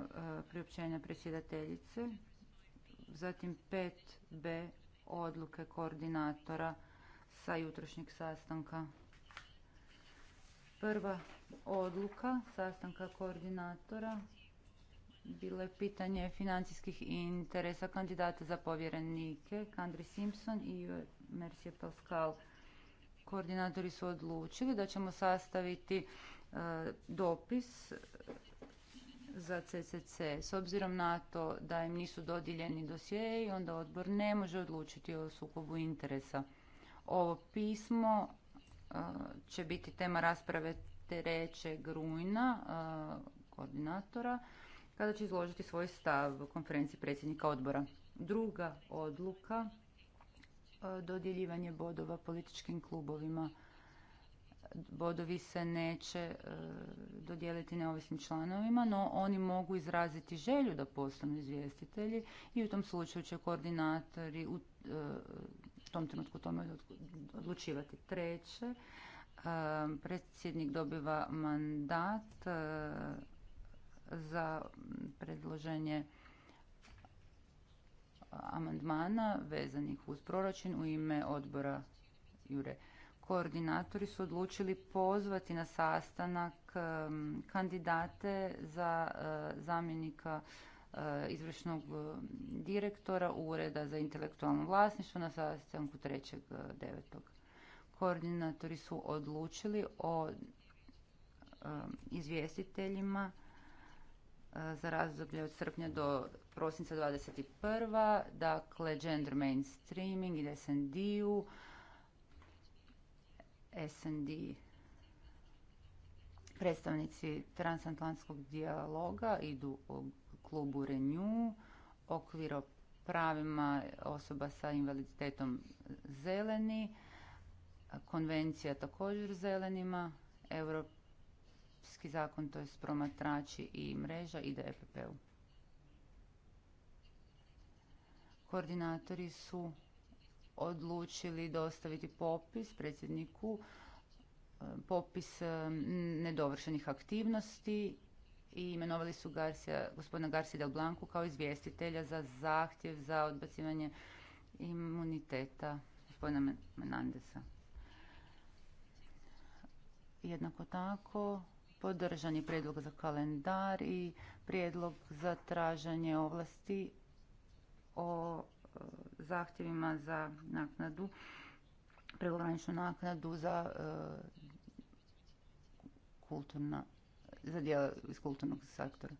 E, priopćenja predsjedateljice, zatim 5b odluke koordinatora sa jutrošnjeg sastanka. Prva odluka sastanka koordinatora bilo je pitanje financijskih interesa kandidata za povjerenike Kandri Simpson i Mercije Pascal. Koordinatori su odlučili da ćemo sastaviti e, dopis za CCC. S obzirom na to da im nisu dodijeljeni dosjeji, onda odbor ne može odlučiti o sukobu interesa. Ovo pismo e, će biti tema rasprave 3. rujna e, koordinatora kada će izložiti svoj stav konferenciji predsjednika odbora. Druga odluka e, dodjeljivanje bodova političkim klubovima bodovi se neće e, dodijeliti neovisnim članovima, no oni mogu izraziti želju da postanu izvjestitelji i u tom slučaju će koordinatori u e, tom trenutku tome odlučivati. Treće, e, predsjednik dobiva mandat za predloženje amandmana vezanih uz proračun u ime odbora Jure koordinatori su odlučili pozvati na sastanak kandidate za e, zamjenika e, izvršnog e, direktora Ureda za intelektualno vlasništvo na sastanku 3.9. Koordinatori su odlučili o izvjestiteljima za razdoblje od srpnja do prosinca 21. Dakle, gender mainstreaming i snd SND predstavnici transatlantskog dijaloga idu u klubu Renew, okvir o pravima osoba sa invaliditetom zeleni, konvencija također zelenima, europski zakon, to je promatrači i mreža i EPP-u. Koordinatori su odlučili dostaviti popis predsjedniku, e, popis e, nedovršenih aktivnosti i imenovali su Garcia, gospodina Garcia del Blanco kao izvjestitelja za zahtjev za odbacivanje imuniteta gospodina Menandesa. Jednako tako podržan je prijedlog za kalendar i prijedlog za traženje ovlasti o e, zahtjevima za naknadu, pregograničnu naknadu za e, kulturna, za dijela iz kulturnog sektora.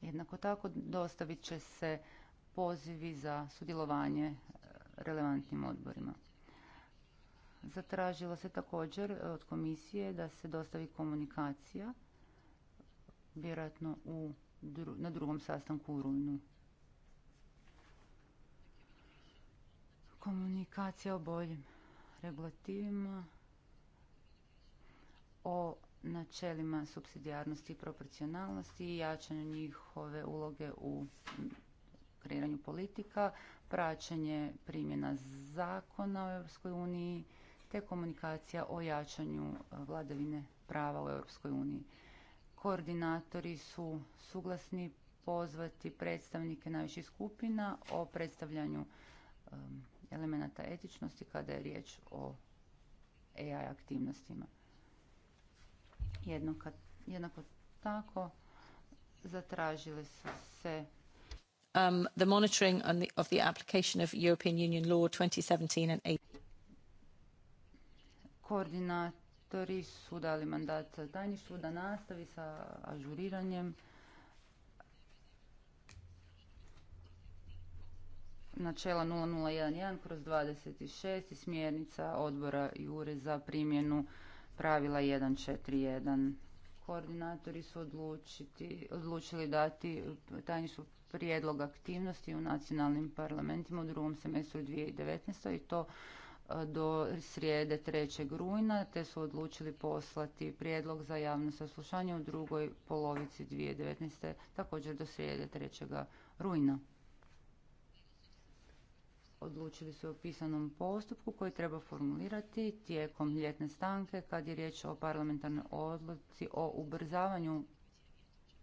Jednako tako dostavit će se pozivi za sudjelovanje e, relevantnim odborima. Zatražilo se također e, od komisije da se dostavi komunikacija, vjerojatno u, na drugom sastanku u rujnu. komunikacija o boljim regulativima, o načelima subsidijarnosti i proporcionalnosti i jačanju njihove uloge u kreiranju politika, praćenje primjena zakona u Europskoj uniji te komunikacija o jačanju e, vladavine prava u Europskoj uniji. Koordinatori su suglasni pozvati predstavnike najviših skupina o predstavljanju elemenata etičnosti kada je riječ o AI aktivnostima. Jednako, jednako tako zatražili su se um, the monitoring on the, of the application of European Union law 2017 and 18. Koordinatori su dali mandat tajnih da nastavi sa ažuriranjem načela 0011 kroz 26 i smjernica odbora i ured za primjenu pravila 141. Koordinatori su odlučiti, odlučili dati su prijedlog aktivnosti u nacionalnim parlamentima u drugom semestru 2019. i to e, do srijede 3. rujna, te su odlučili poslati prijedlog za javno saslušanje u drugoj polovici 2019. također do srijede 3. rujna odlučili su o pisanom postupku koji treba formulirati tijekom ljetne stanke kad je riječ o parlamentarnoj odluci o ubrzavanju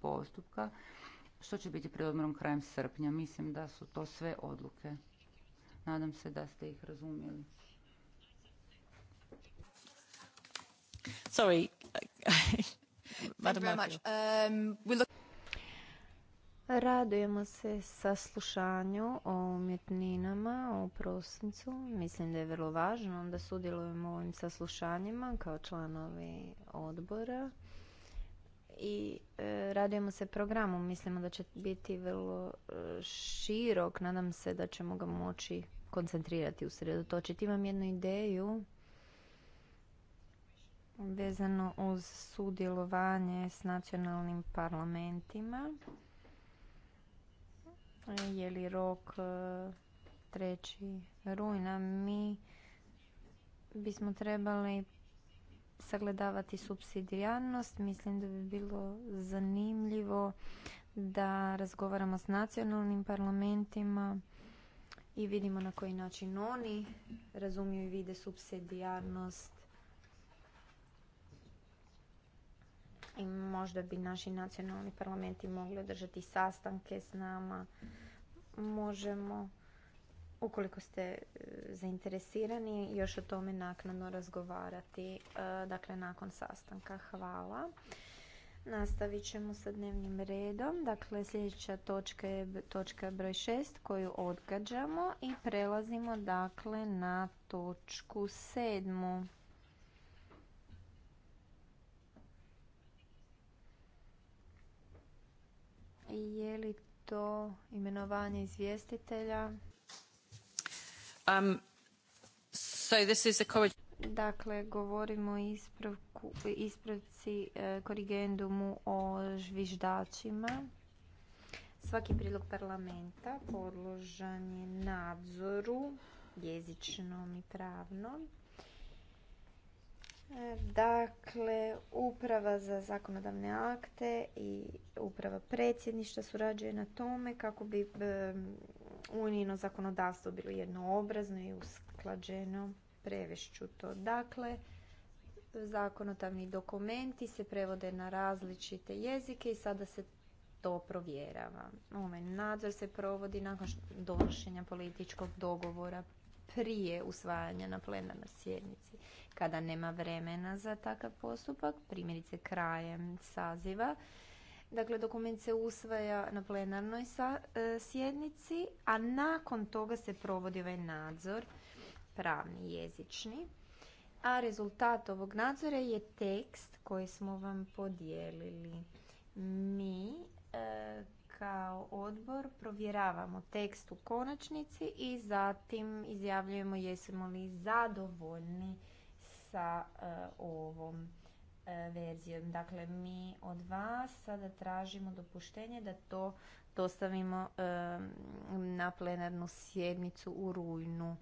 postupka što će biti pred odmorom krajem srpnja. Mislim da su to sve odluke. Nadam se da ste ih razumjeli. Sorry. Radujemo se saslušanju o umjetninama u prosincu. Mislim da je vrlo važno da sudjelujemo u ovim saslušanjima kao članovi odbora. I e, radujemo se programu. Mislimo da će biti vrlo e, širok. Nadam se da ćemo ga moći koncentrirati, usredotočiti. Imam jednu ideju vezano uz sudjelovanje s nacionalnim parlamentima je li rok e, treći rujna, mi bismo trebali sagledavati subsidijarnost. Mislim da bi bilo zanimljivo da razgovaramo s nacionalnim parlamentima i vidimo na koji način oni razumiju i vide subsidijarnost Možda bi naši nacionalni parlamenti mogli održati sastanke s nama. Možemo, ukoliko ste e, zainteresirani, još o tome naknadno razgovarati, e, dakle nakon sastanka. Hvala. Nastavit ćemo sa dnevnim redom. Dakle, sljedeća točka je točka broj 6 koju odgađamo i prelazimo dakle na točku 7. Je li to imenovanje izvjestitelja? Um, dakle, govorimo o ispravci e, korigendumu o žviždačima. Svaki prilog parlamenta podložan je nadzoru jezičnom i pravnom. Dakle, uprava za zakonodavne akte i uprava predsjedništva surađuje na tome kako bi unijeno zakonodavstvo bilo jednoobrazno i usklađeno prevešću to. Dakle, zakonodavni dokumenti se prevode na različite jezike i sada se to provjerava. Ovaj nadzor se provodi nakon donošenja političkog dogovora prije usvajanja na plenarnoj sjednici. Kada nema vremena za takav postupak, primjerice krajem saziva, Dakle, dokument se usvaja na plenarnoj e, sjednici, a nakon toga se provodi ovaj nadzor, pravni, jezični. A rezultat ovog nadzora je tekst koji smo vam podijelili. Mi e, kao odbor provjeravamo tekst u konačnici i zatim izjavljujemo jesmo li zadovoljni sa e, ovom e, verzijom. Dakle, mi od vas sada tražimo dopuštenje da to dostavimo e, na plenarnu sjednicu u rujnu.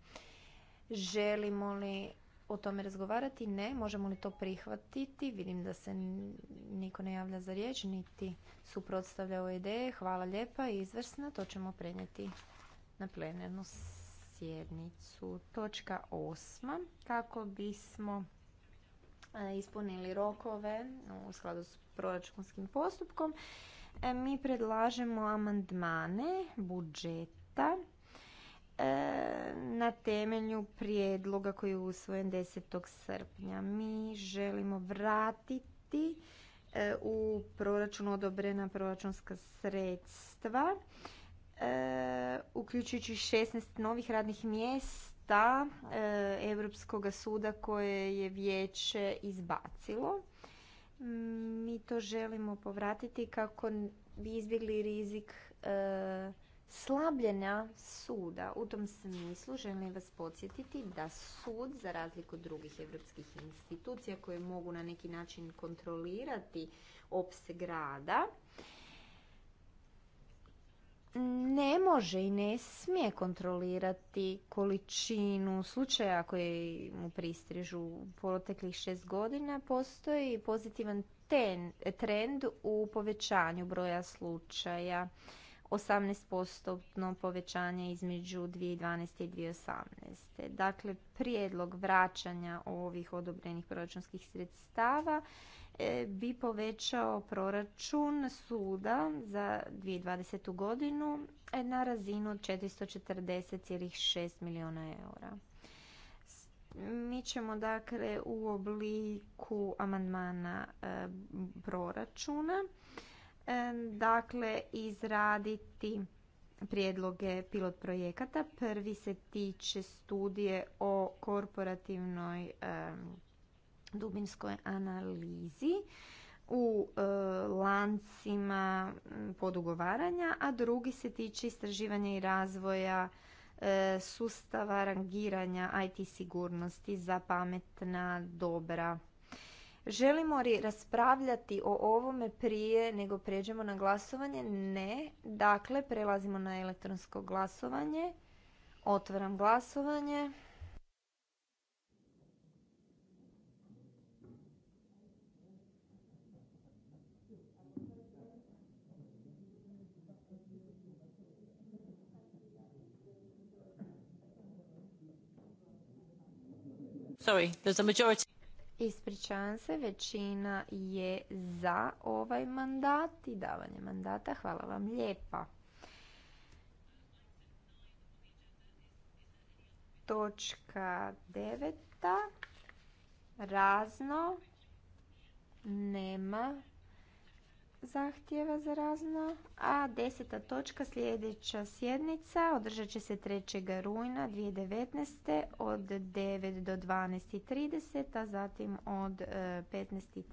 Želimo li o tome razgovarati? Ne. Možemo li to prihvatiti? Vidim da se niko ne javlja za riječ, niti suprotstavlja ove ideje. Hvala lijepa, i izvrsna. To ćemo prenijeti na plenarnu sjednicu. Točka osma. Kako bismo e, ispunili rokove u skladu s proračunskim postupkom, e, mi predlažemo amandmane budžeta E, na temelju prijedloga koji je usvojen 10. srpnja. Mi želimo vratiti e, u proračun odobrena proračunska sredstva, e, uključujući 16 novih radnih mjesta Europskog suda koje je vijeće izbacilo. Mi to želimo povratiti kako bi izbjegli rizik slabljenja suda. U tom smislu želim vas podsjetiti da sud, za razliku od drugih europskih institucija koje mogu na neki način kontrolirati opseg rada, ne može i ne smije kontrolirati količinu slučaja koji mu pristrižu u proteklih šest godina. Postoji pozitivan ten, trend u povećanju broja slučaja 18% povećanje između 2012. i 2018. Dakle, prijedlog vraćanja ovih odobrenih proračunskih sredstava e, bi povećao proračun suda za 2020. godinu e, na razinu 440,6 milijuna eura. Mi ćemo dakle u obliku amandmana e, proračuna dakle izraditi prijedloge pilot projekata. Prvi se tiče studije o korporativnoj dubinskoj analizi u e, lancima podugovaranja, a drugi se tiče istraživanja i razvoja e, sustava rangiranja IT sigurnosti za pametna dobra Želimo li raspravljati o ovome prije nego pređemo na glasovanje? Ne. Dakle, prelazimo na elektronsko glasovanje. Otvaram glasovanje. Sorry, there's a majority. Ispričavam se, većina je za ovaj mandat i davanje mandata. Hvala vam lijepa. Točka deveta. Razno. Nema zahtjeva za razno, a deseta točka sljedeća sjednica održat će se 3. rujna 2019. od 9 do 12.30, a zatim od 15. E,